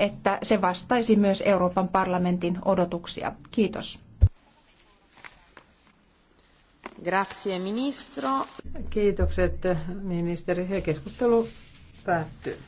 että se vastaisi myös Euroopan parlamentin odotuksia. Kiitos. Grazie, ministro. Kiitokset, ministeri. Keskustelu päättyy.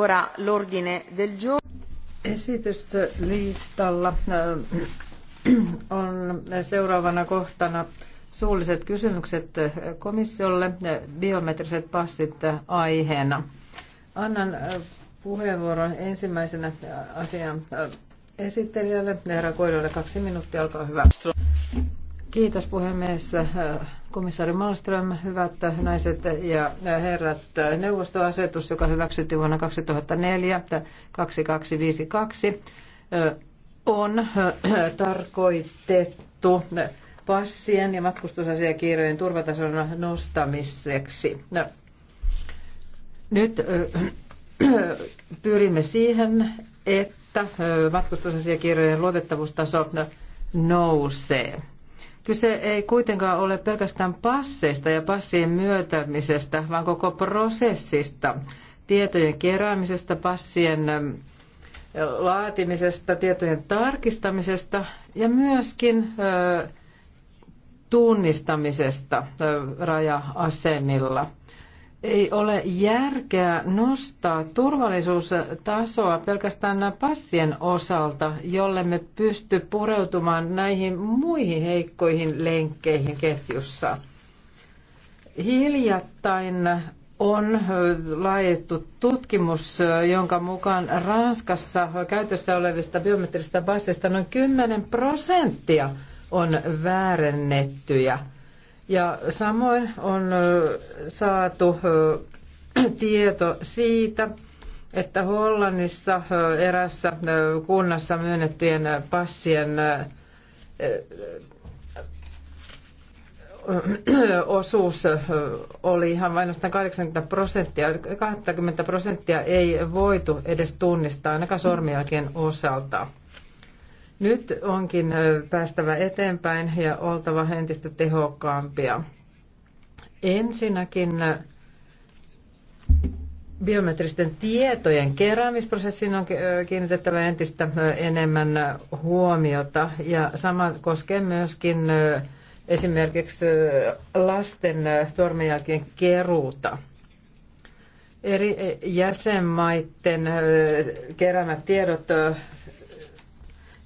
ora l'ordine del giorno. Esityslistalla äh, on seuraavana kohtana suulliset kysymykset komissiolle, biometriset passit aiheena. Annan äh, puheenvuoron ensimmäisenä äh, asian esittelijälle, herra Koidolle, kaksi minuuttia, olkaa hyvä. Kiitos puhemies. Komissaari Malmström, hyvät naiset ja herrat. Neuvostoasetus, joka hyväksytti vuonna 2004 2252, on tarkoitettu passien ja matkustusasiakirjojen turvatason nostamiseksi. Nyt pyrimme siihen, että matkustusasiakirjojen luotettavuustaso nousee. Kyse ei kuitenkaan ole pelkästään passeista ja passien myötämisestä, vaan koko prosessista, tietojen keräämisestä, passien ähm, laatimisesta, tietojen tarkistamisesta ja myöskin äh, tunnistamisesta äh, raja-asemilla ei ole järkeä nostaa turvallisuustasoa pelkästään passien osalta, jolle me pysty pureutumaan näihin muihin heikkoihin lenkkeihin ketjussa. Hiljattain on laajettu tutkimus, jonka mukaan Ranskassa käytössä olevista biometrisistä passeista noin 10 prosenttia on väärennettyjä – ja samoin on saatu tieto siitä, että Hollannissa erässä kunnassa myönnettyjen passien osuus oli ihan vain 80 prosenttia. 20 prosenttia ei voitu edes tunnistaa ainakaan sormiakin osalta. Nyt onkin päästävä eteenpäin ja oltava entistä tehokkaampia. Ensinnäkin biometristen tietojen keräämisprosessiin on kiinnitettävä entistä enemmän huomiota ja sama koskee myöskin esimerkiksi lasten sormenjälkien keruuta. Eri jäsenmaiden keräämät tiedot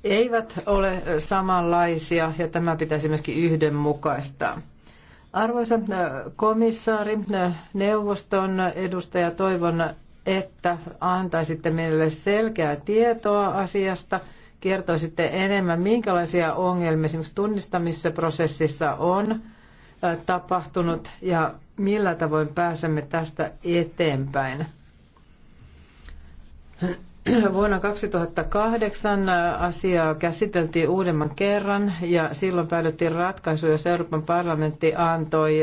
eivät ole samanlaisia ja tämä pitäisi myöskin yhdenmukaistaa. Arvoisa komissaari, neuvoston edustaja, toivon, että antaisitte meille selkeää tietoa asiasta, kertoisitte enemmän, minkälaisia ongelmia esimerkiksi tunnistamisprosessissa on tapahtunut ja millä tavoin pääsemme tästä eteenpäin. Vuonna 2008 asiaa käsiteltiin uudemman kerran ja silloin päädyttiin ratkaisuun, jossa Euroopan parlamentti antoi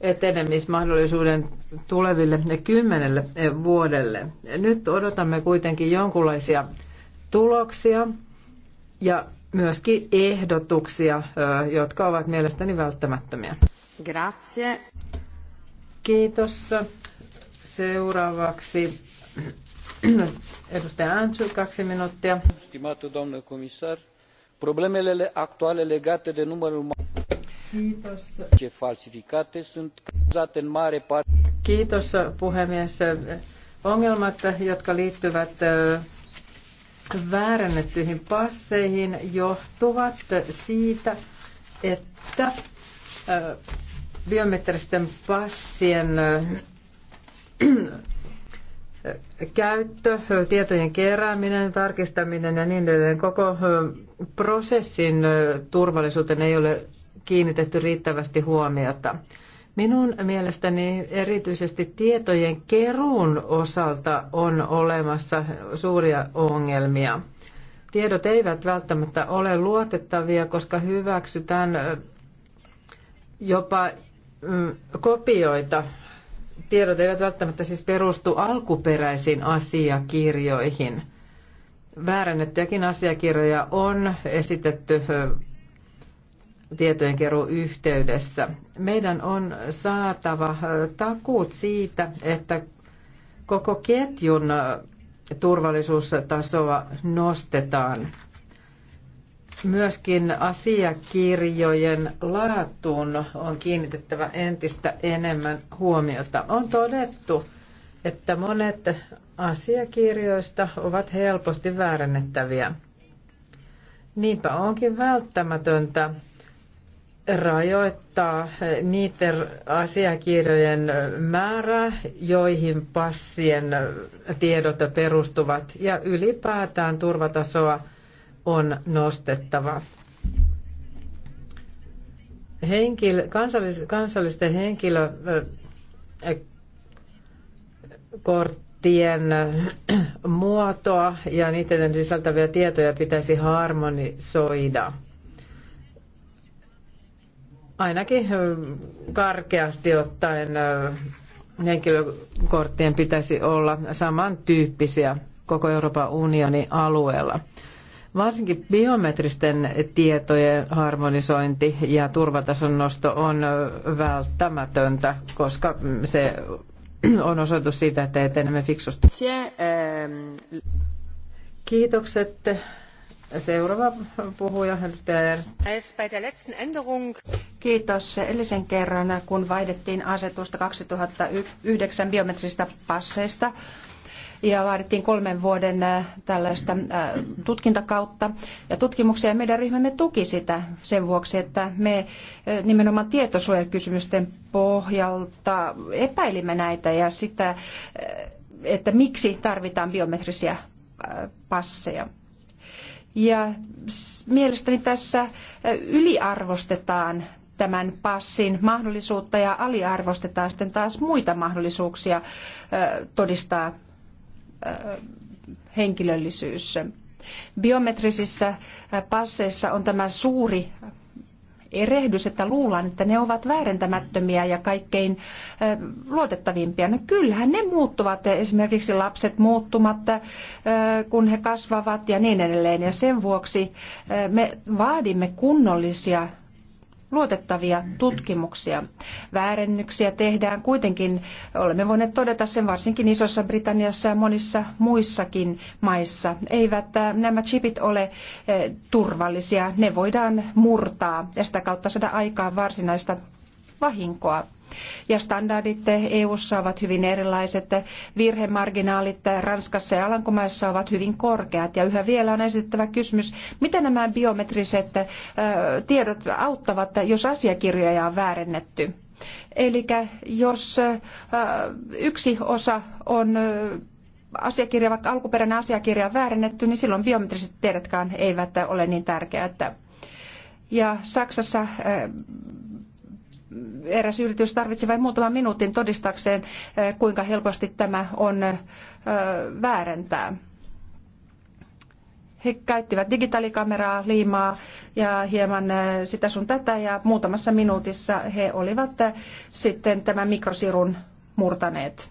etenemismahdollisuuden tuleville kymmenelle vuodelle. Nyt odotamme kuitenkin jonkinlaisia tuloksia ja myöskin ehdotuksia, jotka ovat mielestäni välttämättömiä. Grazie. Kiitos. Seuraavaksi Edustaja Anciu, kaksi minuuttia. Stimată doamnă comisar, problemele actuale legate de numărul ce falsificate sunt cauzate în mare parte... Kiitos puhemies. Ongelmat, jotka liittyvät äh, väärännettyihin passeihin, johtuvat siitä, että äh, biometristen passien äh, käyttö, tietojen kerääminen, tarkistaminen ja niin edelleen. Koko prosessin turvallisuuteen ei ole kiinnitetty riittävästi huomiota. Minun mielestäni erityisesti tietojen keruun osalta on olemassa suuria ongelmia. Tiedot eivät välttämättä ole luotettavia, koska hyväksytään jopa mm, kopioita tiedot eivät välttämättä siis perustu alkuperäisiin asiakirjoihin. Väärännettyjäkin asiakirjoja on esitetty tietojenkeruun yhteydessä. Meidän on saatava takuut siitä, että koko ketjun turvallisuustasoa nostetaan. Myöskin asiakirjojen laatuun on kiinnitettävä entistä enemmän huomiota. On todettu, että monet asiakirjoista ovat helposti väärennettäviä. Niinpä onkin välttämätöntä rajoittaa niiden asiakirjojen määrää, joihin passien tiedot perustuvat, ja ylipäätään turvatasoa on nostettava. Henkilö, kansallis, kansallisten henkilökorttien muotoa ja niiden sisältäviä tietoja pitäisi harmonisoida. Ainakin karkeasti ottaen henkilökorttien pitäisi olla samantyyppisiä koko Euroopan unionin alueella. Varsinkin biometristen tietojen harmonisointi ja turvatason nosto on välttämätöntä, koska se on osoitus siitä, että etenemme fiksusti. Kiitokset. Seuraava puhuja, edustaja Ernst. Kiitos. sen kerran, kun vaihdettiin asetusta 2009 biometristä passeista, ja vaadittiin kolmen vuoden äh, tällaista äh, tutkintakautta ja tutkimuksia. Meidän ryhmämme tuki sitä sen vuoksi, että me äh, nimenomaan tietosuojakysymysten pohjalta epäilimme näitä ja sitä, että miksi tarvitaan biometrisiä passeja. Ja mielestäni tässä yliarvostetaan tämän passin mahdollisuutta ja aliarvostetaan sitten taas muita mahdollisuuksia todistaa henkilöllisyys. Biometrisissä äh, passeissa on tämä suuri erehdys, että luullaan, että ne ovat väärentämättömiä ja kaikkein äh, luotettavimpia. No kyllähän ne muuttuvat, esimerkiksi lapset muuttumatta, äh, kun he kasvavat ja niin edelleen. Ja sen vuoksi me vaadimme kunnollisia luotettavia tutkimuksia. Väärennyksiä tehdään kuitenkin, olemme voineet todeta sen varsinkin Isossa Britanniassa ja monissa muissakin maissa. Eivät äh, nämä chipit ole äh, turvallisia, ne voidaan murtaa ja sitä kautta saada aikaan varsinaista vahinkoa. Ja standardit EU:ssa ovat hyvin erilaiset. Virhemarginaalit Ranskassa ja Alankomaissa ovat hyvin korkeat. Ja yhä vielä on esitettävä kysymys, miten nämä biometriset tiedot auttavat, jos asiakirjoja on väärennetty. Eli jos yksi osa on asiakirja, vaikka alkuperäinen asiakirja on väärennetty, niin silloin biometriset tiedotkaan eivät ole niin tärkeät. Ja Saksassa eräs yritys tarvitsi vain muutaman minuutin todistakseen, eh, kuinka helposti tämä on eh, väärentää. He käyttivät digitaalikameraa, liimaa ja hieman eh, sitä sun tätä ja muutamassa minuutissa he olivat sitten tämän mikrosirun murtaneet.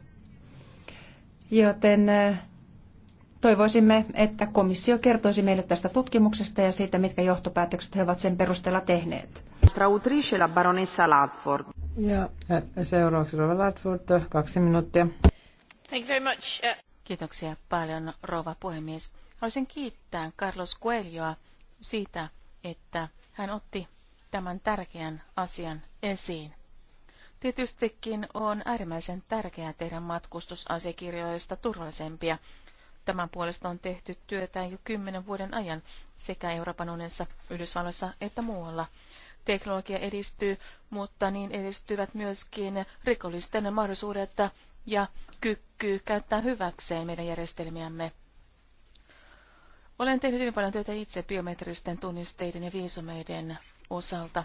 Joten Toivoisimme, että komissio kertoisi meille tästä tutkimuksesta ja siitä, mitkä johtopäätökset he ovat sen perusteella tehneet. Ja seuraavaksi Rova Ladford, kaksi minuuttia. Thank you very much. Kiitoksia paljon, rouva puhemies. Haluaisin kiittää Carlos Coelhoa siitä, että hän otti tämän tärkeän asian esiin. Tietystikin on äärimmäisen tärkeää tehdä matkustusasiakirjoista turvallisempia Tämän puolesta on tehty työtä jo kymmenen vuoden ajan sekä Euroopan unionissa, Yhdysvalloissa että muualla. Teknologia edistyy, mutta niin edistyvät myöskin rikollisten mahdollisuudet ja kyky käyttää hyväkseen meidän järjestelmiämme. Olen tehnyt hyvin paljon työtä itse biometristen tunnisteiden ja viisumeiden osalta.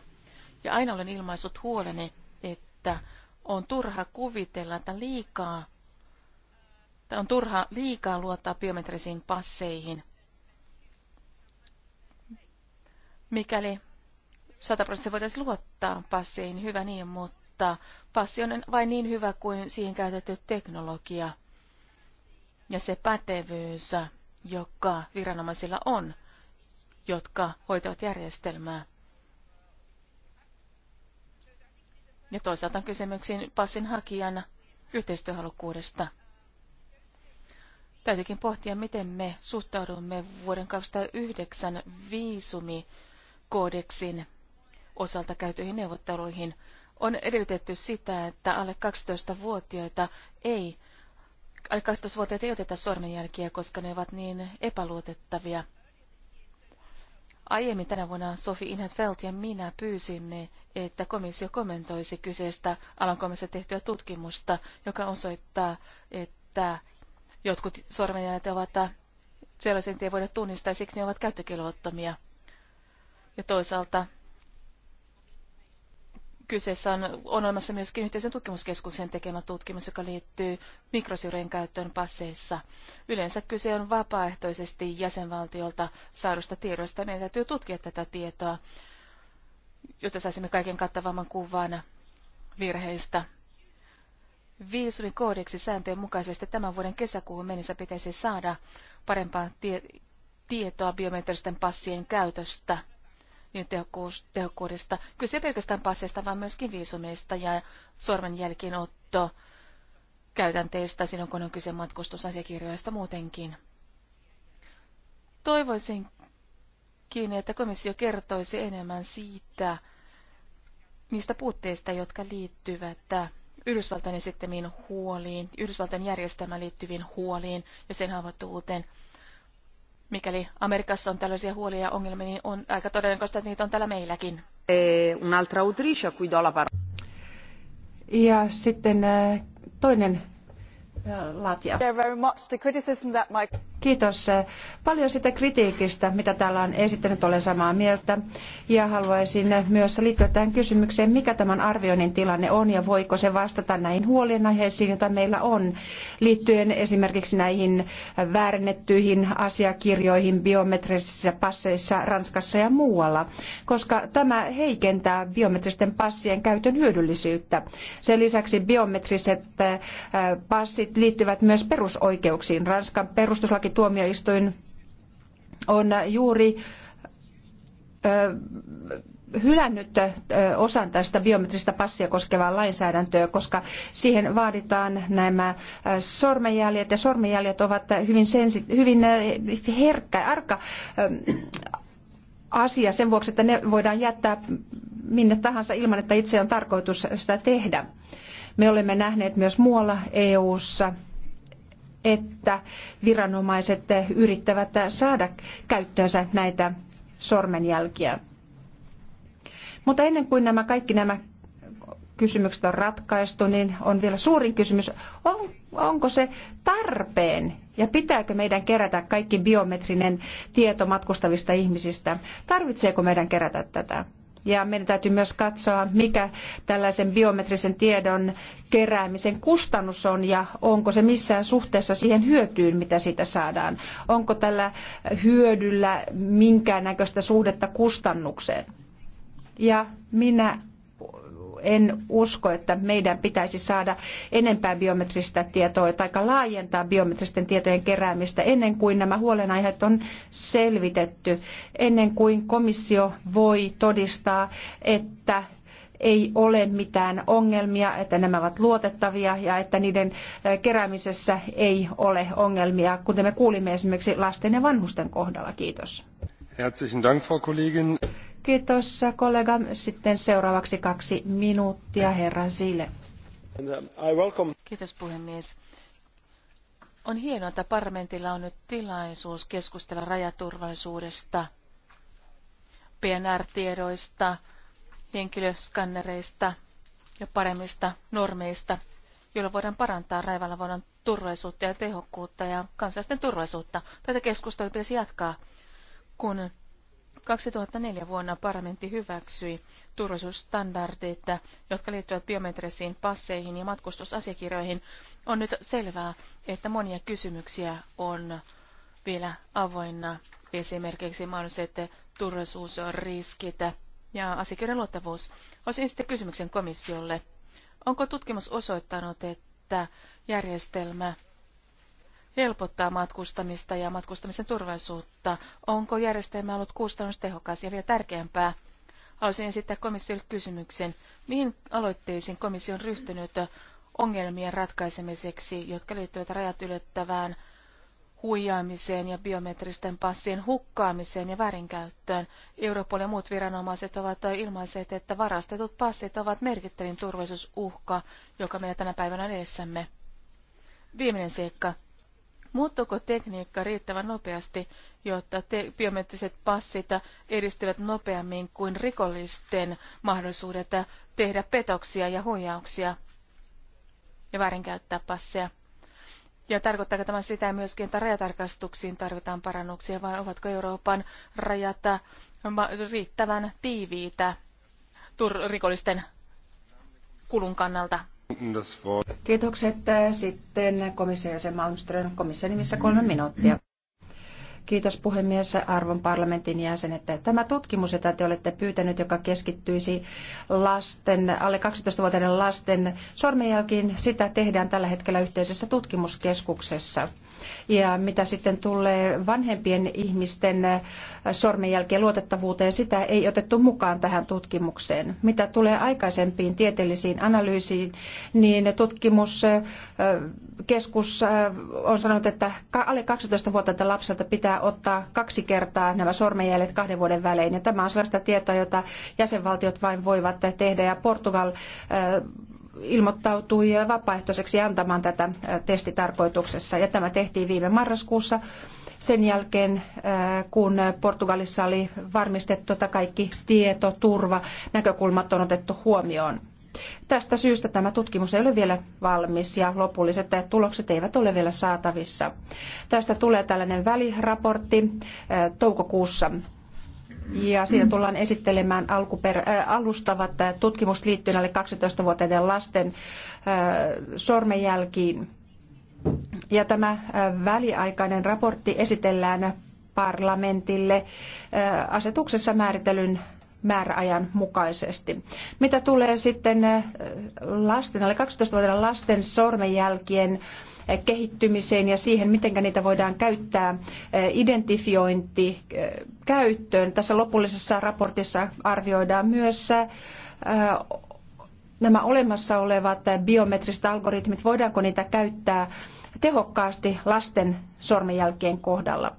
Ja aina olen ilmaissut huoleni, että on turha kuvitella, että liikaa on turha liikaa luottaa biometrisiin passeihin. Mikäli 100 prosenttia voitaisiin luottaa passeihin, niin hyvä niin, mutta passi on vain niin hyvä kuin siihen käytetty teknologia ja se pätevyys, joka viranomaisilla on, jotka hoitavat järjestelmää. Ja toisaalta kysymyksiin passin hakijan yhteistyöhalukkuudesta. Täytyykin pohtia, miten me suhtaudumme vuoden 2009 viisumikoodeksin osalta käytyihin neuvotteluihin. On edellytetty sitä, että alle 12-vuotiaita ei, alle 12-vuotiaita ei oteta sormenjälkiä, koska ne ovat niin epäluotettavia. Aiemmin tänä vuonna Sofi Inhetfeld ja minä pyysimme, että komissio kommentoisi kyseistä Alankomissa tehtyä tutkimusta, joka osoittaa, että Jotkut sormenjäljet ovat äh, sellaisen ei voida tunnistaa, siksi ne ovat käyttökelvottomia. Ja toisaalta kyseessä on, on olemassa myöskin yhteisen tutkimuskeskuksen tekemä tutkimus, joka liittyy mikrosirujen käyttöön passeissa. Yleensä kyse on vapaaehtoisesti jäsenvaltiolta saadusta tiedosta. Meidän täytyy tutkia tätä tietoa, jotta saisimme kaiken kattavamman kuvan virheistä viisumikoodeksi sääntöjen mukaisesti tämän vuoden kesäkuuhun mennessä pitäisi saada parempaa tie- tietoa biometristen passien käytöstä, niin tehokkuus, tehokkuudesta. Kyse ei pelkästään passeista, vaan myöskin viisumeista ja sormenjälkinotto käytänteistä silloin, kun on kyse matkustusasiakirjoista muutenkin. Toivoisinkin, että komissio kertoisi enemmän siitä, niistä puutteista, jotka liittyvät Yhdysvaltain esittämiin huoliin, Yhdysvaltain järjestelmään liittyviin huoliin ja sen haavoittuvuuteen. Mikäli Amerikassa on tällaisia huolia ja ongelmia, niin on aika todennäköistä, että niitä on täällä meilläkin. E, Un'altra autrice a cui do la parola. Ja sitten toinen laatija. Kiitos paljon sitä kritiikistä, mitä täällä on esittänyt. Olen samaa mieltä ja haluaisin myös liittyä tähän kysymykseen, mikä tämän arvioinnin tilanne on ja voiko se vastata näihin huolenaiheisiin, joita meillä on liittyen esimerkiksi näihin väärennettyihin asiakirjoihin biometrisissä passeissa Ranskassa ja muualla, koska tämä heikentää biometristen passien käytön hyödyllisyyttä. Sen lisäksi biometriset äh, passit liittyvät myös perusoikeuksiin. Ranskan perustuslaki tuomioistuin on juuri hylännyt osan tästä biometristä passia koskevaa lainsäädäntöä, koska siihen vaaditaan nämä sormenjäljet ja sormenjäljet ovat hyvin, sensi- hyvin herkkä, arka asia sen vuoksi, että ne voidaan jättää minne tahansa ilman, että itse on tarkoitus sitä tehdä. Me olemme nähneet myös muualla EU-ssa että viranomaiset yrittävät saada käyttöönsä näitä sormenjälkiä. Mutta ennen kuin nämä kaikki nämä kysymykset on ratkaistu, niin on vielä suurin kysymys, on, onko se tarpeen ja pitääkö meidän kerätä kaikki biometrinen tieto matkustavista ihmisistä? Tarvitseeko meidän kerätä tätä? ja meidän täytyy myös katsoa, mikä tällaisen biometrisen tiedon keräämisen kustannus on ja onko se missään suhteessa siihen hyötyyn, mitä siitä saadaan. Onko tällä hyödyllä minkäännäköistä suhdetta kustannukseen? Ja minä en usko, että meidän pitäisi saada enempää biometristä tietoa tai laajentaa biometristen tietojen keräämistä ennen kuin nämä huolenaiheet on selvitetty, ennen kuin komissio voi todistaa, että ei ole mitään ongelmia, että nämä ovat luotettavia ja että niiden keräämisessä ei ole ongelmia, kuten me kuulimme esimerkiksi lasten ja vanhusten kohdalla. Kiitos. Herzlichen Dank, Frau Kollegin. Kiitos kollega. Sitten seuraavaksi kaksi minuuttia herran Sille. Kiitos puhemies. On hienoa, että parlamentilla on nyt tilaisuus keskustella rajaturvallisuudesta, PNR-tiedoista, henkilöskannereista ja paremmista normeista, joilla voidaan parantaa raivallavuodon turvallisuutta ja tehokkuutta ja kansalaisten turvallisuutta. Tätä keskustelua pitäisi jatkaa, kun 2004 vuonna parlamentti hyväksyi turvallisuusstandardit, jotka liittyvät biometrisiin passeihin ja matkustusasiakirjoihin. On nyt selvää, että monia kysymyksiä on vielä avoinna, esimerkiksi mahdolliset turvallisuusriskit ja asiakirjan luottavuus. Olisin sitten kysymyksen komissiolle. Onko tutkimus osoittanut, että järjestelmä helpottaa matkustamista ja matkustamisen turvallisuutta. Onko järjestelmä ollut kustannustehokas ja vielä tärkeämpää? Haluaisin esittää komissiolle kysymyksen. Mihin aloitteisiin komissio on ryhtynyt ongelmien ratkaisemiseksi, jotka liittyvät rajat ylittävään huijaamiseen ja biometristen passien hukkaamiseen ja väärinkäyttöön. Europol ja muut viranomaiset ovat ilmaiset, että varastetut passit ovat merkittävin turvallisuusuhka, joka meillä tänä päivänä edessämme. Viimeinen seikka. Muuttuuko tekniikka riittävän nopeasti, jotta te- biometriset passit edistävät nopeammin kuin rikollisten mahdollisuudet tehdä petoksia ja huijauksia ja väärinkäyttää passeja? Ja tarkoittaako tämä sitä myöskin, että rajatarkastuksiin tarvitaan parannuksia vai ovatko Euroopan rajat riittävän tiiviitä rikollisten kulun kannalta? Kiitokset. Äh, sitten komission jäsen Malmström komission nimissä kolme minuuttia. Kiitos puhemies arvon parlamentin jäsenet. Tämä tutkimus, jota te olette pyytänyt, joka keskittyisi lasten, alle 12-vuotiaiden lasten sormenjälkiin, sitä tehdään tällä hetkellä yhteisessä tutkimuskeskuksessa. Ja mitä sitten tulee vanhempien ihmisten sormenjälkien luotettavuuteen, sitä ei otettu mukaan tähän tutkimukseen. Mitä tulee aikaisempiin tieteellisiin analyysiin, niin tutkimuskeskus on sanonut, että alle 12-vuotiailta lapselta pitää pitää ottaa kaksi kertaa nämä sormenjäljet kahden vuoden välein. Ja tämä on sellaista tietoa, jota jäsenvaltiot vain voivat tehdä ja Portugal ilmoittautui vapaaehtoiseksi antamaan tätä testitarkoituksessa. Ja tämä tehtiin viime marraskuussa sen jälkeen, kun Portugalissa oli varmistettu, että kaikki tieto, turva, näkökulmat on otettu huomioon. Tästä syystä tämä tutkimus ei ole vielä valmis ja lopulliset tulokset eivät ole vielä saatavissa. Tästä tulee tällainen väliraportti eh, toukokuussa ja siinä tullaan esittelemään alkuper- äh, alustavat tutkimukset liittyen alle 12-vuotiaiden lasten äh, sormenjälkiin. Ja tämä äh, väliaikainen raportti esitellään parlamentille äh, asetuksessa määritellyn määräajan mukaisesti. Mitä tulee sitten lasten, alle 12-vuotiaiden lasten sormenjälkien kehittymiseen ja siihen, miten niitä voidaan käyttää identifiointi käyttöön. Tässä lopullisessa raportissa arvioidaan myös nämä olemassa olevat biometriset algoritmit, voidaanko niitä käyttää tehokkaasti lasten sormenjälkien kohdalla.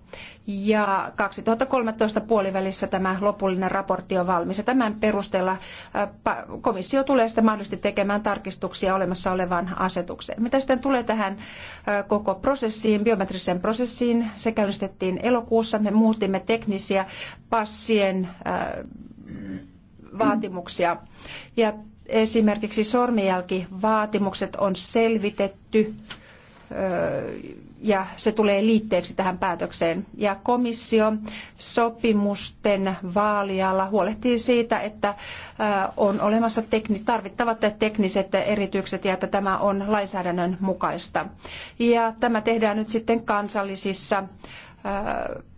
Ja 2013 puolivälissä tämä lopullinen raportti on valmis. Ja tämän perusteella komissio tulee sitten mahdollisesti tekemään tarkistuksia olemassa olevaan asetukseen. Mitä sitten tulee tähän koko prosessiin, biometriseen prosessiin, se käynnistettiin elokuussa. Me muutimme teknisiä passien vaatimuksia. Ja esimerkiksi sormenjälkivaatimukset on selvitetty ja se tulee liitteeksi tähän päätökseen. Ja komissio sopimusten vaalialla huolehtii siitä, että on olemassa tarvittavat tekniset eritykset ja että tämä on lainsäädännön mukaista. Ja tämä tehdään nyt sitten kansallisissa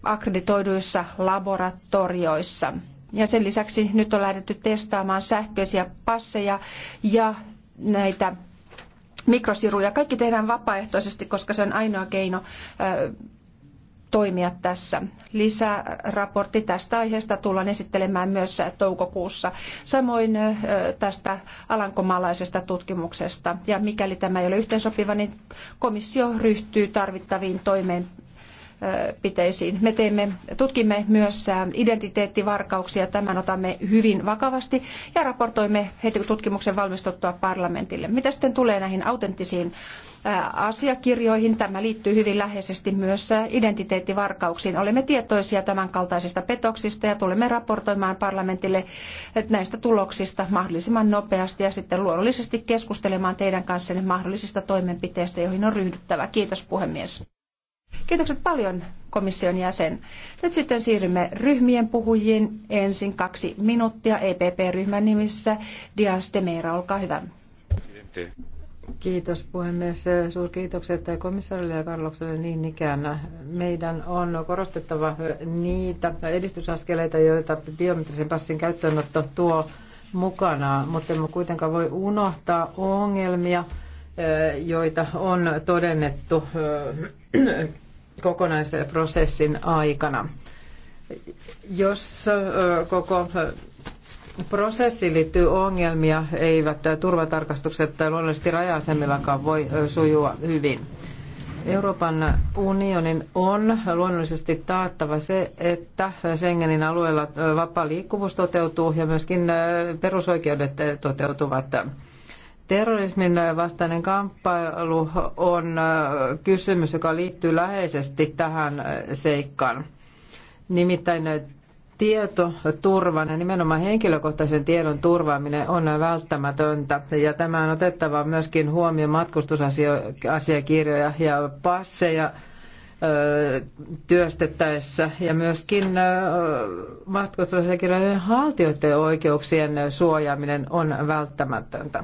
akkreditoiduissa laboratorioissa. Ja sen lisäksi nyt on lähdetty testaamaan sähköisiä passeja ja näitä mikrosiruja. Kaikki tehdään vapaaehtoisesti, koska se on ainoa keino toimia tässä. Lisäraportti tästä aiheesta tullaan esittelemään myös toukokuussa. Samoin tästä alankomaalaisesta tutkimuksesta. Ja mikäli tämä ei ole yhteensopiva, niin komissio ryhtyy tarvittaviin toimeen, toimenpiteisiin. Me teemme, tutkimme myös identiteettivarkauksia, tämän otamme hyvin vakavasti ja raportoimme heti tutkimuksen valmistuttua parlamentille. Mitä sitten tulee näihin autenttisiin asiakirjoihin. Tämä liittyy hyvin läheisesti myös identiteettivarkauksiin. Olemme tietoisia tämän kaltaisista petoksista ja tulemme raportoimaan parlamentille näistä tuloksista mahdollisimman nopeasti ja sitten luonnollisesti keskustelemaan teidän kanssanne mahdollisista toimenpiteistä, joihin on ryhdyttävä. Kiitos puhemies. Kiitokset paljon komission jäsen. Nyt sitten siirrymme ryhmien puhujiin. Ensin kaksi minuuttia EPP-ryhmän nimissä. Dias de Meira, olkaa hyvä. Kiitos puhemies. Suurkiitokset komissaarille ja Karlokselle niin ikään. Meidän on korostettava niitä edistysaskeleita, joita biometrisen passin käyttöönotto tuo mukanaan, mutta emme kuitenkaan voi unohtaa ongelmia, joita on todennettu kokonaisprosessin aikana. Jos koko prosessi liittyy ongelmia, eivät turvatarkastukset tai luonnollisesti raja-asemillakaan voi sujua hyvin. Euroopan unionin on luonnollisesti taattava se, että Schengenin alueella vapaa liikkuvuus toteutuu ja myöskin perusoikeudet toteutuvat. Terrorismin vastainen kamppailu on äh, kysymys, joka liittyy läheisesti tähän äh, seikkaan. Nimittäin äh, tietoturvan ja nimenomaan henkilökohtaisen tiedon turvaaminen on välttämätöntä. Ja tämä on otettava myöskin huomioon matkustusasiakirjoja ja passeja työstettäessä ja myöskin matkustusasiakirjojen haltijoiden oikeuksien suojaaminen on välttämätöntä.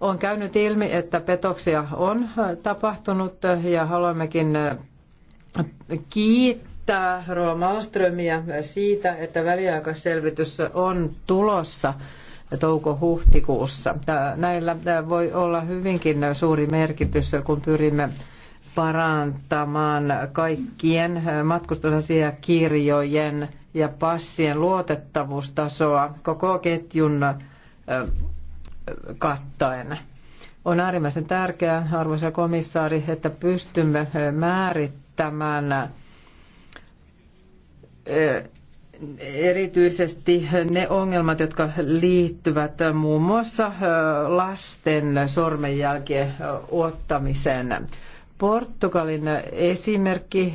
On käynyt ilmi, että petoksia on tapahtunut ja haluammekin äh, kiittää Rova Malmströmiä siitä, että väliaikaisselvitys on tulossa touko-huhtikuussa. Näillä äh, voi olla hyvinkin suuri merkitys, kun pyrimme parantamaan kaikkien äh, matkustusasiakirjojen ja passien luotettavuustasoa koko ketjun kattaen. On äärimmäisen tärkeää, arvoisa komissaari, että pystymme määrittämään erityisesti ne ongelmat, jotka liittyvät muun muassa lasten sormenjälkien ottamiseen. Portugalin esimerkki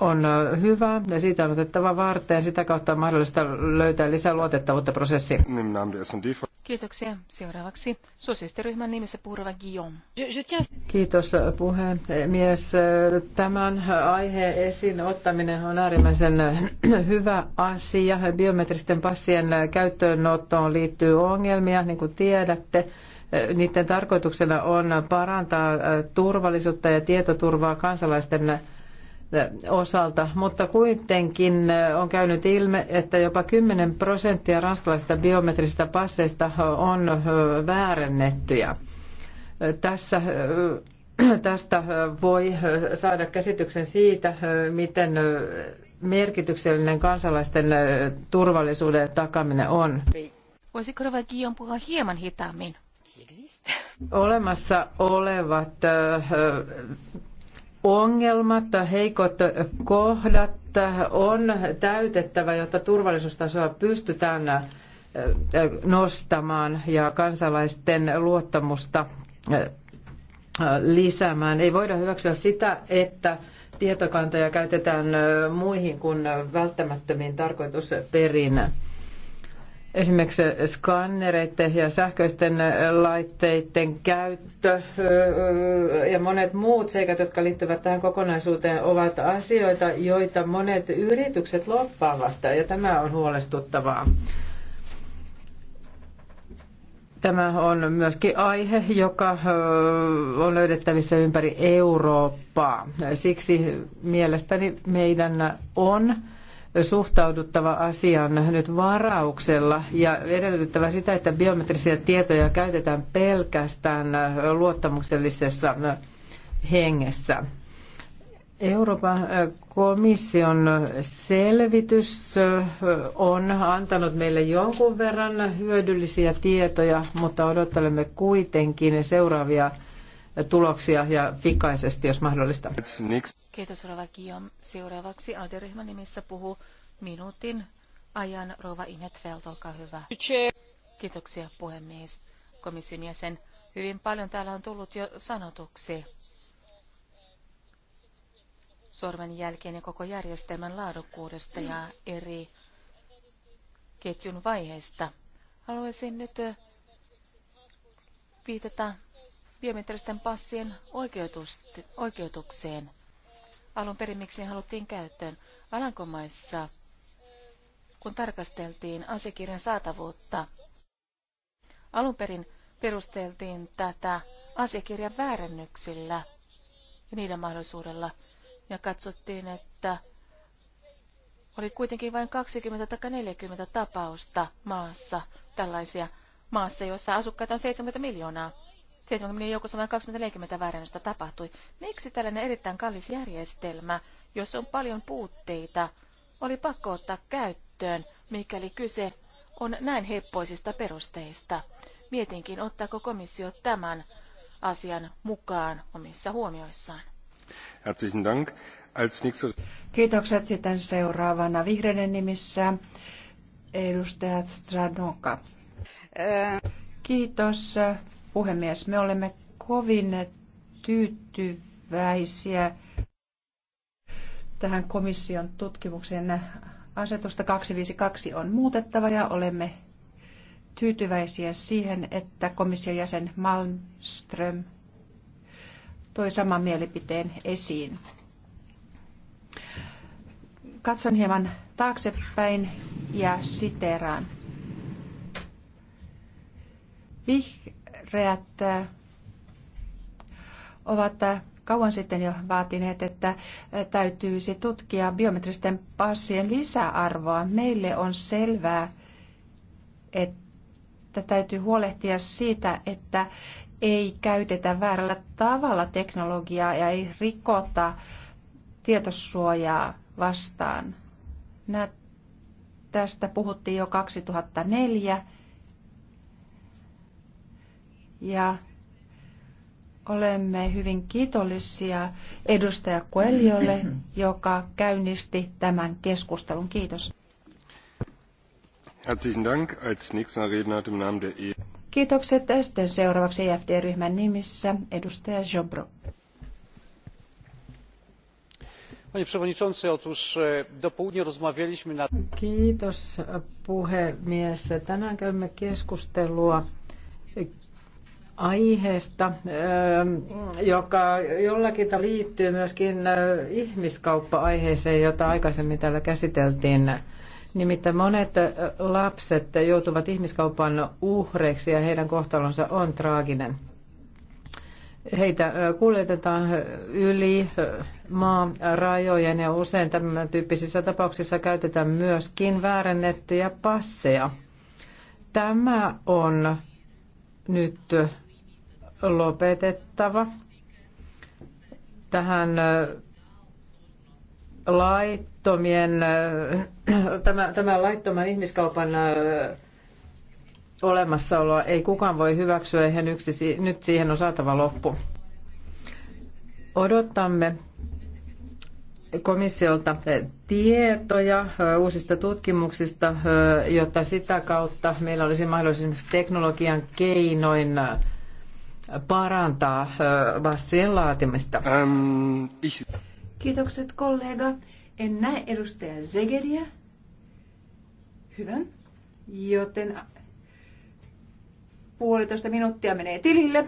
on äh, hyvä ja siitä on otettava varteen. Sitä kautta on mahdollista löytää lisää luotettavuutta prosessiin. Kiitoksia. Seuraavaksi sosiaaliryhmän nimessä puhuva Guillaume. Kiitos äh, puhemies. Äh, tämän aiheen esiin ottaminen on äärimmäisen hyvä asia. Biometristen passien käyttöönottoon liittyy ongelmia, niin kuin tiedätte. Niiden tarkoituksena on parantaa turvallisuutta ja tietoturvaa kansalaisten osalta, mutta kuitenkin on käynyt ilme, että jopa 10 prosenttia ranskalaisista biometrisistä passeista on väärennettyjä. Tässä, tästä voi saada käsityksen siitä, miten merkityksellinen kansalaisten turvallisuuden takaminen on. Voisiko Rova Gion puhua hieman hitaammin? Olemassa olevat ongelmat, heikot kohdat on täytettävä, jotta turvallisuustasoa pystytään äh, nostamaan ja kansalaisten luottamusta äh, lisäämään. Ei voida hyväksyä sitä, että tietokantoja käytetään äh, muihin kuin välttämättömiin tarkoitusperinä. Esimerkiksi skannereiden ja sähköisten laitteiden käyttö ja monet muut seikat, jotka liittyvät tähän kokonaisuuteen, ovat asioita, joita monet yritykset loppaavat, ja tämä on huolestuttavaa. Tämä on myöskin aihe, joka on löydettävissä ympäri Eurooppaa. Siksi mielestäni meidän on suhtauduttava asiaan nyt varauksella ja edellytettävä sitä, että biometrisiä tietoja käytetään pelkästään luottamuksellisessa hengessä. Euroopan äh, komission selvitys äh, on antanut meille jonkun verran hyödyllisiä tietoja, mutta odottelemme kuitenkin seuraavia tuloksia ja pikaisesti, jos mahdollista. Kiitos Rova Seuraavaksi Alderyhmän nimissä puhuu minuutin ajan Rova Inetfeld, olkaa hyvä. Kiitoksia puhemies. Komission jäsen, hyvin paljon täällä on tullut jo sanotuksi. Sormenjälkien ja koko järjestelmän laadukkuudesta ja eri ketjun vaiheista. Haluaisin nyt viitata biometristen passien oikeutukseen alun perin miksi haluttiin käyttöön. Alankomaissa, kun tarkasteltiin asiakirjan saatavuutta, alun perin perusteltiin tätä asiakirjan väärännyksillä ja niiden mahdollisuudella. Ja katsottiin, että oli kuitenkin vain 20 tai 40 tapausta maassa, tällaisia maassa, jossa asukkaita on 70 miljoonaa. 70 joukossa vain 20-40 tapahtui. Miksi tällainen erittäin kallis järjestelmä, jossa on paljon puutteita, oli pakko ottaa käyttöön, mikäli kyse on näin heppoisista perusteista? Mietinkin, ottaako komissio tämän asian mukaan omissa huomioissaan. Herzlichen Dank. Als nächstes... Kiitokset sitten seuraavana vihreiden nimissä edustajat Stradonka. Kiitos puhemies. Me olemme kovin tyytyväisiä tähän komission tutkimukseen. Asetusta 252 on muutettava ja olemme tyytyväisiä siihen, että komission jäsen Malmström toi saman mielipiteen esiin. Katson hieman taaksepäin ja siteraan. Vih- vihreät äh, ovat äh, kauan sitten jo vaatineet, että äh, täytyisi tutkia biometristen passien lisäarvoa. Meille on selvää, että täytyy huolehtia siitä, että ei käytetä väärällä tavalla teknologiaa ja ei rikota tietosuojaa vastaan. Tästä puhuttiin jo 2004 ja olemme hyvin kiitollisia edustaja Koeliolle, joka käynnisti tämän keskustelun. Kiitos. Herzlichen Dank. Als nächster Redner hat im Namen der e Kiitokset. Sitten seuraavaksi EFD-ryhmän nimissä edustaja Jobro. Panie przewodniczący, otóż e, do południa rozmawialiśmy na... Kiitos e, puhemies. Tänään käymme keskustelua aiheesta, joka jollakin liittyy myöskin ihmiskauppa-aiheeseen, jota aikaisemmin täällä käsiteltiin. Nimittäin monet lapset joutuvat ihmiskaupan uhreiksi ja heidän kohtalonsa on traaginen. Heitä kuljetetaan yli maan rajojen ja usein tämän tyyppisissä tapauksissa käytetään myöskin väärennettyjä passeja. Tämä on nyt lopetettava. Tähän laittomien, tämän, laittoman ihmiskaupan olemassaoloa ei kukaan voi hyväksyä, eihän yksi, nyt siihen on saatava loppu. Odotamme komissiolta tietoja uusista tutkimuksista, jotta sitä kautta meillä olisi mahdollisimman teknologian keinoin parantaa vastien laatimista. Ähm, ich... Kiitokset kollega. En näe edustaja Zegeriä. Hyvä. Joten äh, puolitoista minuuttia menee tilille.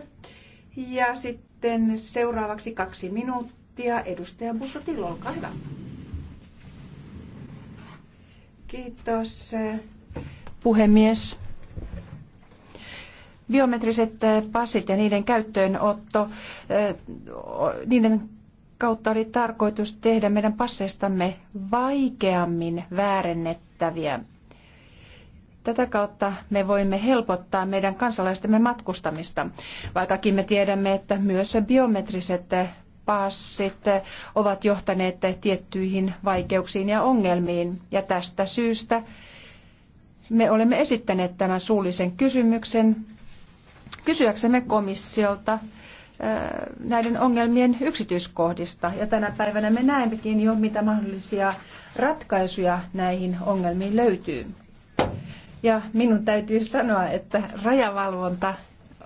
Ja sitten seuraavaksi kaksi minuuttia. Edustaja Bussotil, olkaa hyvä. Kiitos äh, puhemies. Biometriset eh, passit ja niiden käyttöönotto, eh, niiden kautta oli tarkoitus tehdä meidän passeistamme vaikeammin väärennettäviä. Tätä kautta me voimme helpottaa meidän kansalaistemme matkustamista, vaikkakin me tiedämme, että myös biometriset eh, passit ovat johtaneet tiettyihin vaikeuksiin ja ongelmiin. Ja tästä syystä me olemme esittäneet tämän suullisen kysymyksen, kysyäksemme komissiolta näiden ongelmien yksityiskohdista. Ja tänä päivänä me näemmekin jo, mitä mahdollisia ratkaisuja näihin ongelmiin löytyy. Ja minun täytyy sanoa, että rajavalvonta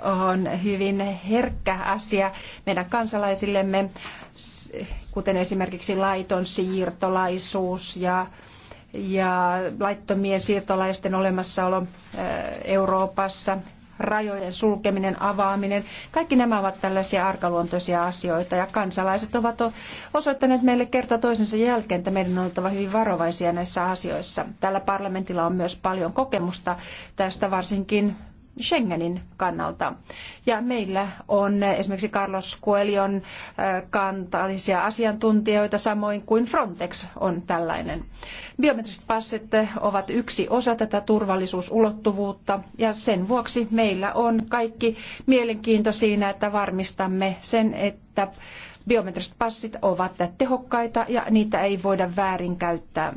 on hyvin herkkä asia meidän kansalaisillemme, kuten esimerkiksi laiton siirtolaisuus ja, ja laittomien siirtolaisten olemassaolo Euroopassa, rajojen sulkeminen, avaaminen, kaikki nämä ovat tällaisia arkaluontoisia asioita ja kansalaiset ovat osoittaneet meille kerta toisensa jälkeen, että meidän on oltava hyvin varovaisia näissä asioissa. Tällä parlamentilla on myös paljon kokemusta tästä varsinkin Schengenin kannalta. Ja meillä on esimerkiksi Carlos Coelion äh, kantaisia asiantuntijoita, samoin kuin Frontex on tällainen. Biometriset passit ovat yksi osa tätä turvallisuusulottuvuutta ja sen vuoksi meillä on kaikki mielenkiinto siinä, että varmistamme sen, että biometriset passit ovat tehokkaita ja niitä ei voida väärinkäyttää.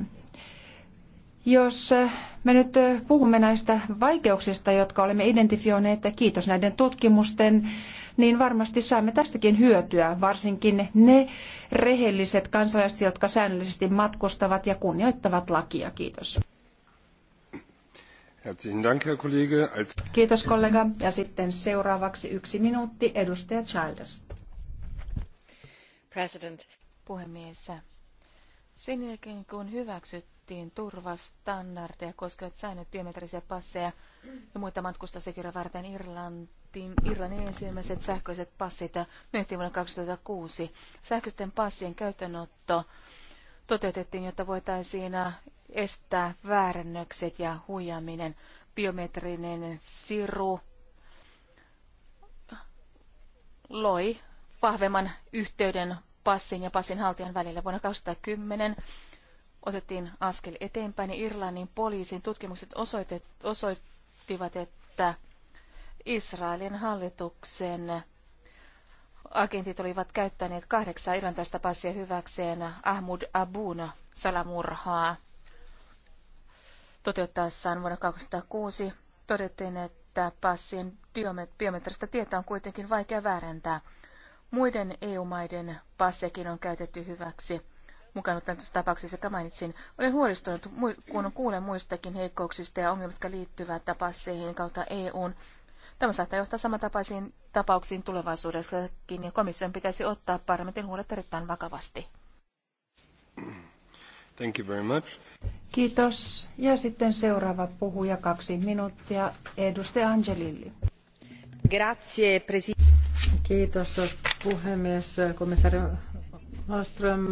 Jos eh, me nyt eh, puhumme näistä vaikeuksista, jotka olemme identifioineet, kiitos näiden tutkimusten, niin varmasti saamme tästäkin hyötyä, varsinkin ne rehelliset kansalaiset, jotka säännöllisesti matkustavat ja kunnioittavat lakia. Kiitos. Kiitos kollega. Ja sitten seuraavaksi yksi minuutti, edustaja Childers. President. Puhemies, sen jälkeen kun hyväksyt laadittiin turvastandardeja koskevat säännöt biometrisiä passeja ja muita matkustasekirjoja varten Irlantiin. Irlannin ensimmäiset sähköiset passit myöhtiin vuonna 2006. Sähköisten passien käyttöönotto toteutettiin, jotta voitaisiin estää väärännökset ja huijaminen Biometrinen siru loi vahvemman yhteyden passin ja passin haltijan välillä. Vuonna 2010 otettiin askel eteenpäin, niin Irlannin poliisin tutkimukset osoittivat, että Israelin hallituksen agentit olivat käyttäneet kahdeksan irlantaista passia hyväkseen Ahmud Abuna salamurhaa. Toteuttaessaan vuonna 2006 todettiin, että passien biometristä tietoa on kuitenkin vaikea väärentää. Muiden EU-maiden passekin on käytetty hyväksi mukaan ottaen tässä tapauksessa, joka mainitsin. Olen huolestunut, kun kuulen muistakin heikkouksista ja ongelmista, jotka liittyvät tapasseihin kautta EUn. Tämä saattaa johtaa samantapaisiin tapauksiin tulevaisuudessakin, ja komission pitäisi ottaa parlamentin huolet erittäin vakavasti. Thank you very much. Kiitos. Ja sitten seuraava puhuja kaksi minuuttia, edustaja Angelilli. Grazie, presi- Kiitos puhemies, komissaari Malmström,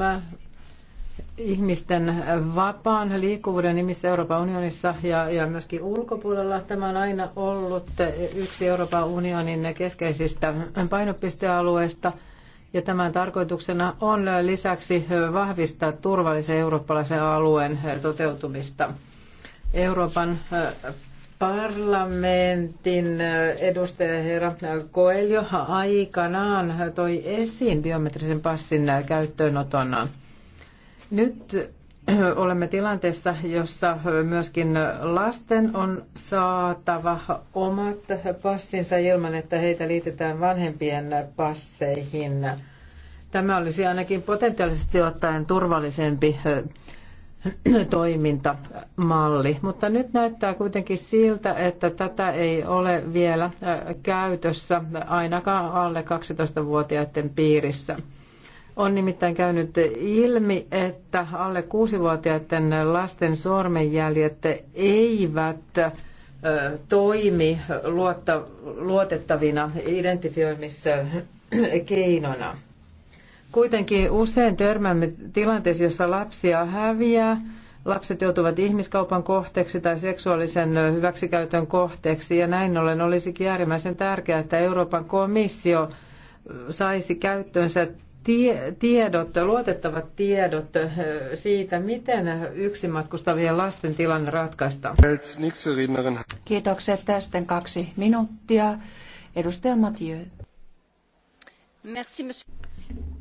ihmisten vapaan liikkuvuuden nimissä Euroopan unionissa ja, ja myöskin ulkopuolella. Tämä on aina ollut yksi Euroopan unionin keskeisistä painopistealueista. Ja tämän tarkoituksena on lisäksi vahvistaa turvallisen eurooppalaisen alueen toteutumista. Euroopan äh, parlamentin äh, edustaja herra Koeljo aikanaan toi esiin biometrisen passin käyttöönoton nyt olemme tilanteessa, jossa myöskin lasten on saatava omat passinsa ilman, että heitä liitetään vanhempien passeihin. Tämä olisi ainakin potentiaalisesti ottaen turvallisempi toimintamalli. Mutta nyt näyttää kuitenkin siltä, että tätä ei ole vielä äh, käytössä ainakaan alle 12-vuotiaiden piirissä. On nimittäin käynyt ilmi, että alle 6-vuotiaiden lasten sormenjäljet eivät toimi luotettavina identifioimiskeinona. Kuitenkin usein törmäämme tilanteessa, jossa lapsia häviää, lapset joutuvat ihmiskaupan kohteeksi tai seksuaalisen hyväksikäytön kohteeksi, ja näin ollen olisikin äärimmäisen tärkeää, että Euroopan komissio saisi käyttöönsä tiedot, luotettavat tiedot siitä, miten yksin matkustavien lasten tilanne ratkaistaan. Kiitokset tästä kaksi minuuttia. Edustaja Mathieu.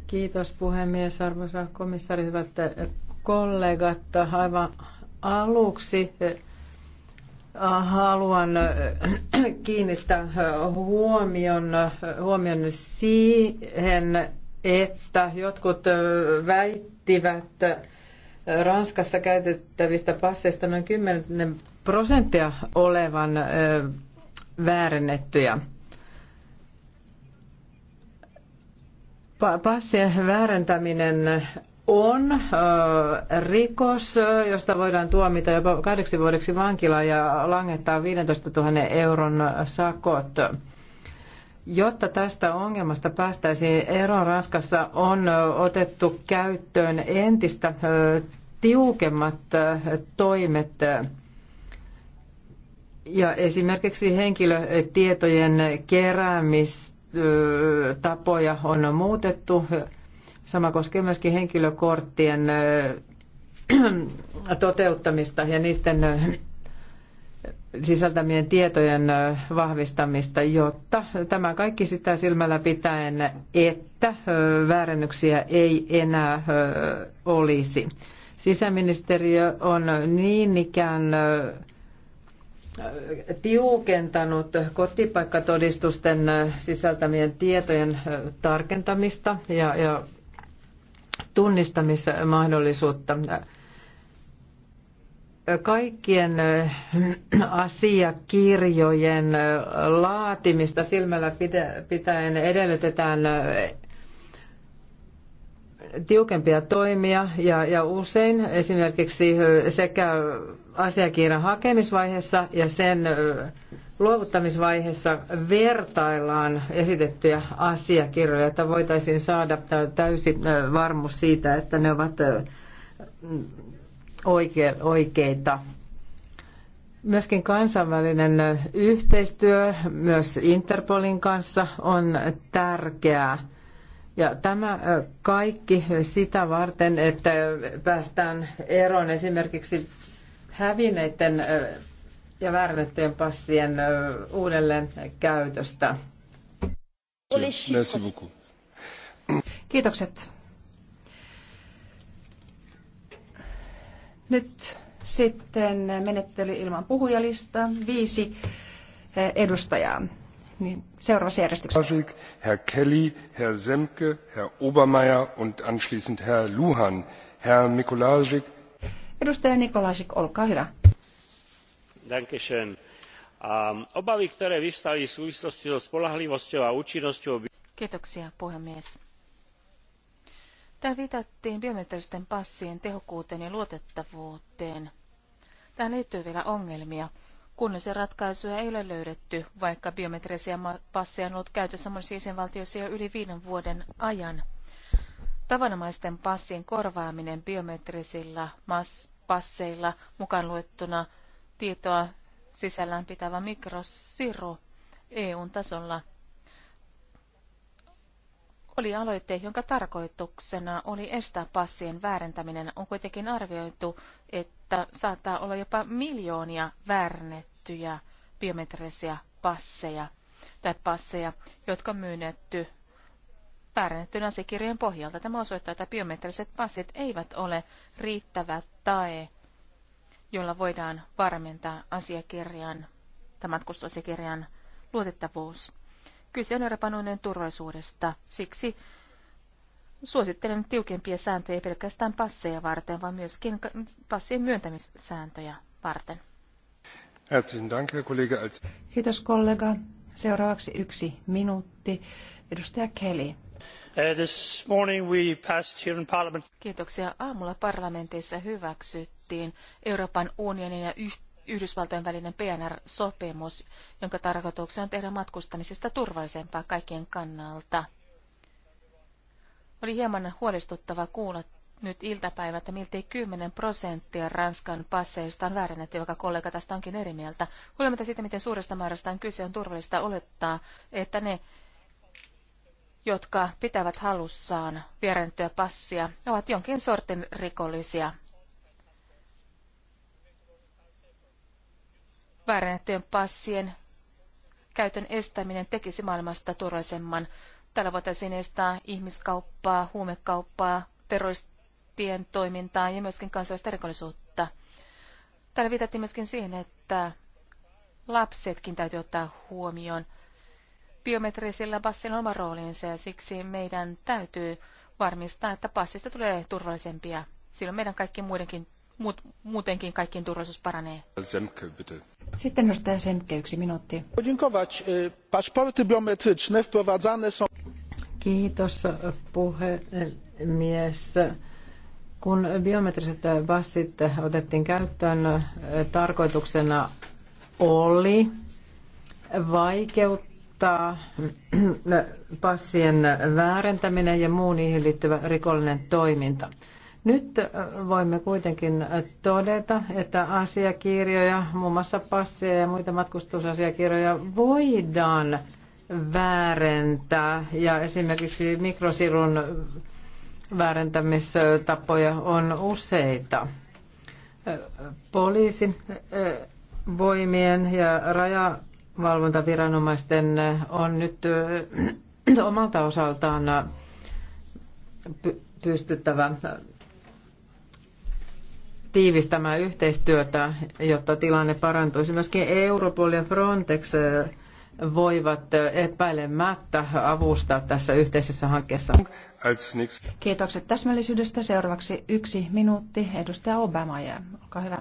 Kiitos puhemies, arvoisa komissaari, hyvät kollegat. Aivan aluksi haluan kiinnittää huomion, huomion siihen, että jotkut väittivät Ranskassa käytettävistä passeista noin 10 prosenttia olevan väärennettyjä. Passien väärentäminen on rikos, josta voidaan tuomita jopa kahdeksi vuodeksi vankilaa ja langettaa 15 000 euron sakot. Jotta tästä ongelmasta päästäisiin eroon Ranskassa, on otettu käyttöön entistä tiukemmat toimet ja esimerkiksi henkilötietojen keräämistapoja on muutettu. Sama koskee myöskin henkilökorttien toteuttamista ja niiden sisältämien tietojen vahvistamista, jotta tämä kaikki sitä silmällä pitäen, että väärennyksiä ei enää olisi. Sisäministeriö on niin ikään tiukentanut kotipaikkatodistusten sisältämien tietojen tarkentamista ja, ja tunnistamismahdollisuutta kaikkien äh, asiakirjojen äh, laatimista silmällä pitäen edellytetään äh, tiukempia toimia ja, ja usein esimerkiksi sekä asiakirjan hakemisvaiheessa ja sen luovuttamisvaiheessa vertaillaan esitettyjä asiakirjoja, että voitaisiin saada täysin varmuus siitä, että ne ovat oikeita. Myöskin kansainvälinen yhteistyö myös Interpolin kanssa on tärkeää. Ja tämä kaikki sitä varten, että päästään eroon esimerkiksi hävinneiden ja väärennettyjen passien uudelleen käytöstä. Kiitokset. Nyt sitten menettely ilman puhujalista. Viisi eh, edustajaa. Niin, seuraavassa järjestyksessä. Herr Kelly, Herr Semke, Herr Obermeier und anschließend Herr Luhan. Herr Mikolajik. Edustaja Nikolajik, olkaa hyvä. Dankeschön. Um, ähm, obavy, ktoré vyvstali v súvislosti so spolahlivosťou a účinnosťou... Kiitoksia, puhemies Tämä viitattiin biometristen passien tehokkuuteen ja luotettavuuteen. Tähän liittyy vielä ongelmia. Kunnallisia ratkaisuja ei ole löydetty, vaikka biometrisiä passeja on ollut käytössä monissa jäsenvaltioissa jo yli viiden vuoden ajan. Tavanomaisten passien korvaaminen biometrisillä passeilla mukaan luettuna tietoa sisällään pitävä mikrosiru eu tasolla – oli aloite, jonka tarkoituksena oli estää passien väärentäminen. On kuitenkin arvioitu, että saattaa olla jopa miljoonia väärennettyjä biometrisiä passeja tai passeja, jotka on myynnetty väärennettyn asiakirjojen pohjalta. Tämä osoittaa, että biometriset passit eivät ole riittävä tae, jolla voidaan varmentaa asiakirjan tai matkustusasiakirjan luotettavuus. Kyse on Euroopan unionin turvallisuudesta. Siksi suosittelen tiukempia sääntöjä pelkästään passeja varten, vaan myöskin passien myöntämissääntöjä varten. Kiitos kollega. Seuraavaksi yksi minuutti. Edustaja Kelly. Uh, this morning we passed here in parliament. Kiitoksia. Aamulla parlamentissa hyväksyttiin Euroopan unionin ja yhteistyön Yhdysvaltojen välinen PNR-sopimus, jonka tarkoituksena on tehdä matkustamisesta turvallisempaa kaikkien kannalta. Oli hieman huolestuttava kuulla nyt iltapäivä, että miltei 10 prosenttia Ranskan passeista on väärennetty, joka kollega tästä onkin eri mieltä. Huolimatta siitä, miten suuresta määrästä on kyse, on turvallista olettaa, että ne, jotka pitävät halussaan vierentyä passia, ovat jonkin sortin rikollisia väärennettyjen passien käytön estäminen tekisi maailmasta turvallisemman. Tällä voitaisiin estää ihmiskauppaa, huumekauppaa, terroristien toimintaa ja myöskin kansallista rikollisuutta. Täällä viitattiin myöskin siihen, että lapsetkin täytyy ottaa huomioon. Biometrisillä passilla on oma roolinsa ja siksi meidän täytyy varmistaa, että passista tulee turvallisempia. Silloin meidän kaikki muidenkin Muut, muutenkin kaikkien turvallisuus paranee. Zemke, bitte. Sitten nostan Semke yksi minuutti. E, Kiitos puhemies. Kun biometriset passit otettiin käyttöön, tarkoituksena oli vaikeuttaa passien väärentäminen ja muu niihin liittyvä rikollinen toiminta. Nyt äh, voimme kuitenkin äh, todeta, että asiakirjoja, muun muassa passia ja muita matkustusasiakirjoja voidaan väärentää ja esimerkiksi mikrosirun väärentämistapoja on useita. Äh, poliisi voimien ja rajavalvontaviranomaisten on nyt omalta osaltaan pystyttävä tiivistämään yhteistyötä, jotta tilanne parantuisi. Myöskin Europol ja Frontex eh, voivat eh, epäilemättä avustaa tässä yhteisessä hankkeessa. Kiitokset täsmällisyydestä. Seuraavaksi yksi minuutti. Edustaja Obama, ja olkaa hyvä.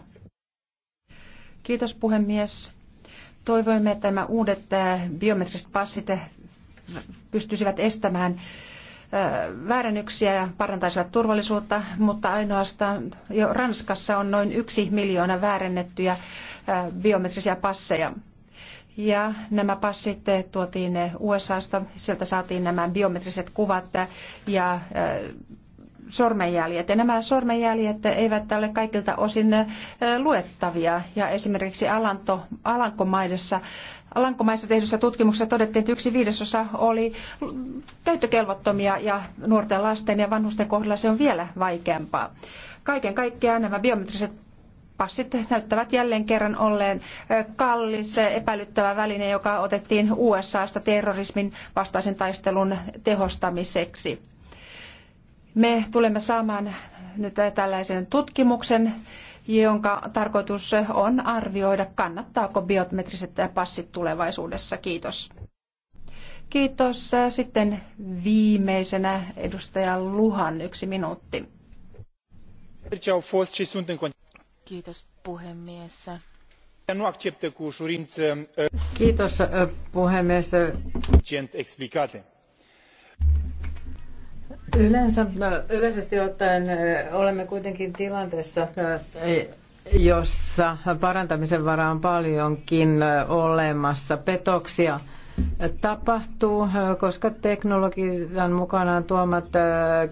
Kiitos puhemies. Toivoimme, että nämä uudet eh, biometriset passit pystyisivät estämään väärännyksiä ja parantaisivat turvallisuutta, mutta ainoastaan jo Ranskassa on noin yksi miljoona väärennettyjä biometrisiä passeja. Ja nämä passit eh, tuotiin eh, USAsta, sieltä saatiin nämä biometriset kuvat eh, ja sormenjäljet. Ja nämä sormenjäljet eivät ole kaikilta osin luettavia. Ja esimerkiksi Alanto, Alankomaidessa Alankomaissa tehdyssä tutkimuksessa todettiin, että yksi viidesosa oli käyttökelvottomia ja nuorten lasten ja vanhusten kohdalla se on vielä vaikeampaa. Kaiken kaikkiaan nämä biometriset passit näyttävät jälleen kerran olleen kallis, epäilyttävä väline, joka otettiin USAsta terrorismin vastaisen taistelun tehostamiseksi. Me tulemme saamaan nyt tällaisen tutkimuksen, jonka tarkoitus on arvioida, kannattaako biometriset passit tulevaisuudessa. Kiitos. Kiitos. Sitten viimeisenä edustaja Luhan yksi minuutti. Kiitos puhemies. Kiitos uh, puhemies. Yleensä, no, yleisesti ottaen olemme kuitenkin tilanteessa, jossa parantamisen varaa on paljonkin olemassa. Petoksia tapahtuu, koska teknologian mukanaan tuomat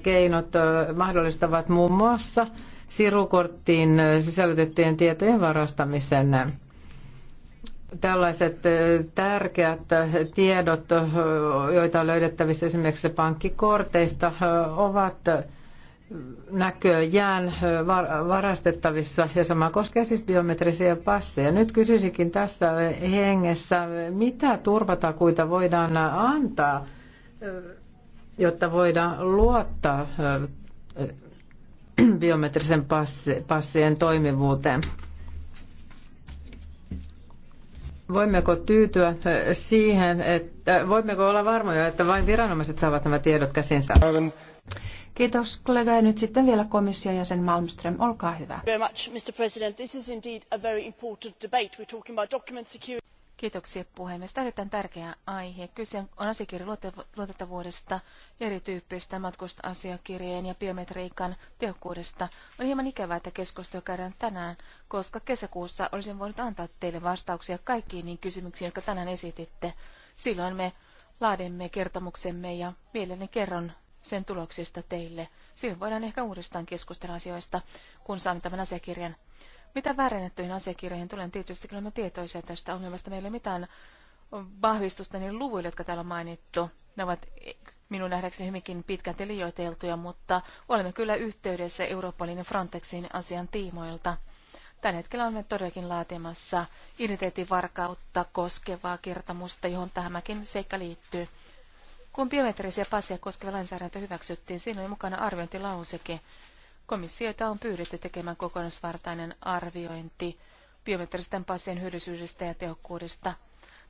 keinot mahdollistavat muun muassa sirukorttiin sisällytettyjen tietojen varastamisen tällaiset tärkeät tiedot, joita on löydettävissä esimerkiksi pankkikorteista, ovat näköjään varastettavissa ja sama koskee siis biometrisiä passeja. Nyt kysyisikin tässä hengessä, mitä turvatakuita voidaan antaa, jotta voidaan luottaa biometrisen passien toimivuuteen? voimmeko tyytyä äh, siihen, että äh, voimmeko olla varmoja, että vain viranomaiset saavat nämä tiedot käsinsä? Kiitos kollega ja nyt sitten vielä komission jäsen Malmström, olkaa hyvä. Very much, Mr. President. This is indeed a very important debate. We're talking about document security. Kiitoksia puhemies. Erittäin tärkeä aihe. Kyse on asiakirjan luotettavuudesta ja erityyppistä matkustusasiakirjojen ja biometriikan tehokkuudesta. On hieman ikävää, että keskustelu käydään tänään, koska kesäkuussa olisin voinut antaa teille vastauksia kaikkiin niin kysymyksiin, jotka tänään esititte. Silloin me laadimme kertomuksemme ja mielelläni kerron sen tuloksista teille. Silloin voidaan ehkä uudestaan keskustella asioista, kun saamme tämän asiakirjan mitä väärennettyihin asiakirjoihin tulen tietysti kyllä me tietoisia tästä ongelmasta. Meillä ei mitään vahvistusta niin luvuille, jotka täällä on mainittu. Ne ovat minun nähdäkseni hyvinkin pitkälti liioiteltuja, mutta olemme kyllä yhteydessä Euroopan Frontexin asian tiimoilta. Tällä hetkellä olemme todellakin laatimassa identiteettivarkautta koskevaa kertomusta, johon tämäkin seikka liittyy. Kun biometrisiä passia koskeva lainsäädäntö hyväksyttiin, siinä oli mukana arviointilauseke, Komissiota on pyydetty tekemään kokonaisvartainen arviointi biometristen passien hyödyllisyydestä ja tehokkuudesta.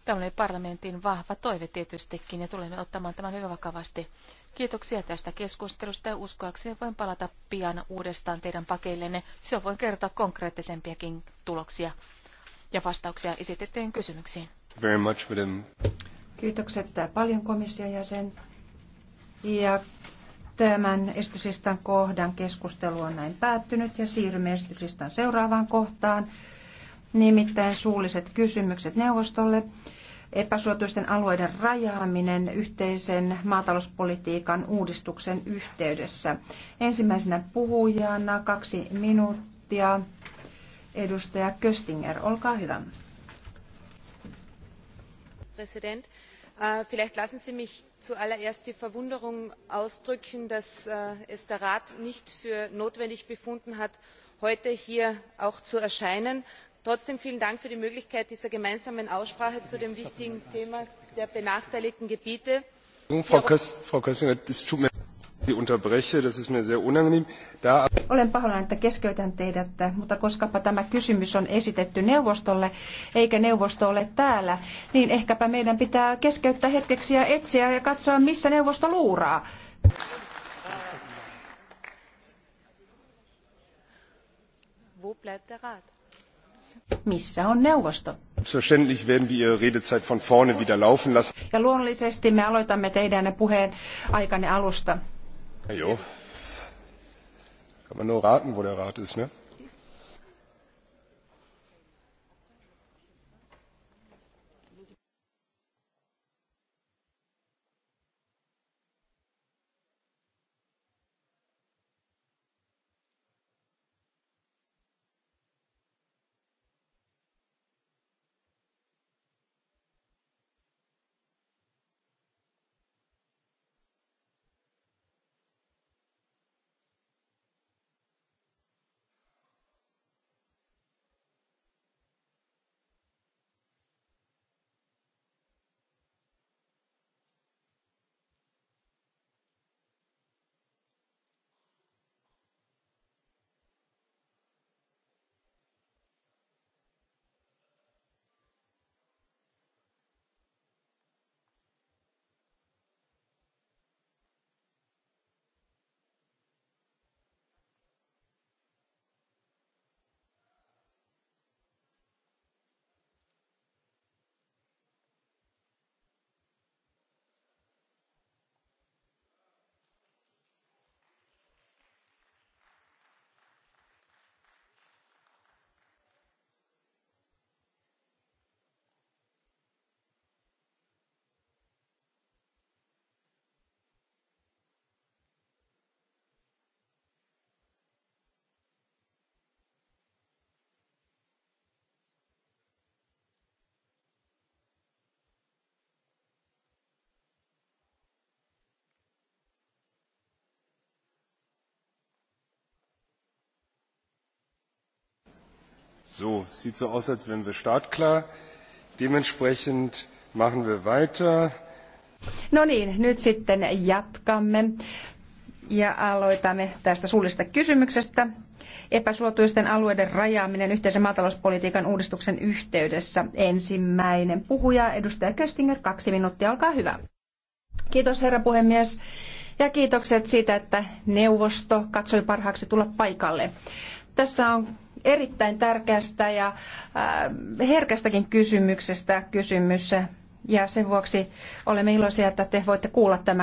Tämä oli parlamentin vahva toive tietystikin ja tulemme ottamaan tämän hyvin vakavasti. Kiitoksia tästä keskustelusta ja uskoakseni voin palata pian uudestaan teidän pakeillenne. Silloin voin kertoa konkreettisempiakin tuloksia ja vastauksia esitettyjen kysymyksiin. Very much, Kiitokset paljon komission jäsen. Ja Tämän esityslistan kohdan keskustelu on näin päättynyt ja siirrymme esityslistan seuraavaan kohtaan, nimittäin suulliset kysymykset neuvostolle, epäsuotuisten alueiden rajaaminen yhteisen maatalouspolitiikan uudistuksen yhteydessä. Ensimmäisenä puhujana kaksi minuuttia. Edustaja Köstinger, olkaa hyvä. President. Äh, vielleicht lassen sie mich zuallererst die verwunderung ausdrücken dass äh, es der rat nicht für notwendig befunden hat heute hier zu erscheinen. trotzdem vielen dank für die möglichkeit dieser gemeinsamen aussprache zu dem wichtigen thema der benachteiligten gebiete. frau es tut mir leid ich sie muss olen pahoillani, että keskeytän teidät, mutta koskapa tämä kysymys on esitetty neuvostolle, eikä neuvosto ole täällä, niin ehkäpä meidän pitää keskeyttää hetkeksi ja etsiä ja katsoa, missä neuvosto luuraa. Missä on neuvosto? Selbstverständlich werden wir Ihre Redezeit von vorne wieder laufen lassen. Ja luonnollisesti me aloitamme teidän puheen aikanne alusta. Kann man nur raten, wo der Rat ist, ne? So, sieht so aus, als wären wir startklar. Dementsprechend machen wir weiter. No niin, nyt sitten jatkamme ja aloitamme tästä suullisesta kysymyksestä. Epäsuotuisten alueiden rajaaminen yhteisen maatalouspolitiikan uudistuksen yhteydessä. Ensimmäinen puhuja, edustaja Köstinger, kaksi minuuttia, olkaa hyvä. Kiitos herra puhemies ja kiitokset siitä, että neuvosto katsoi parhaaksi tulla paikalle. Tässä on erittäin tärkeästä ja äh, herkästäkin kysymyksestä kysymys. Ja sen vuoksi olemme iloisia, että te voitte kuulla tämän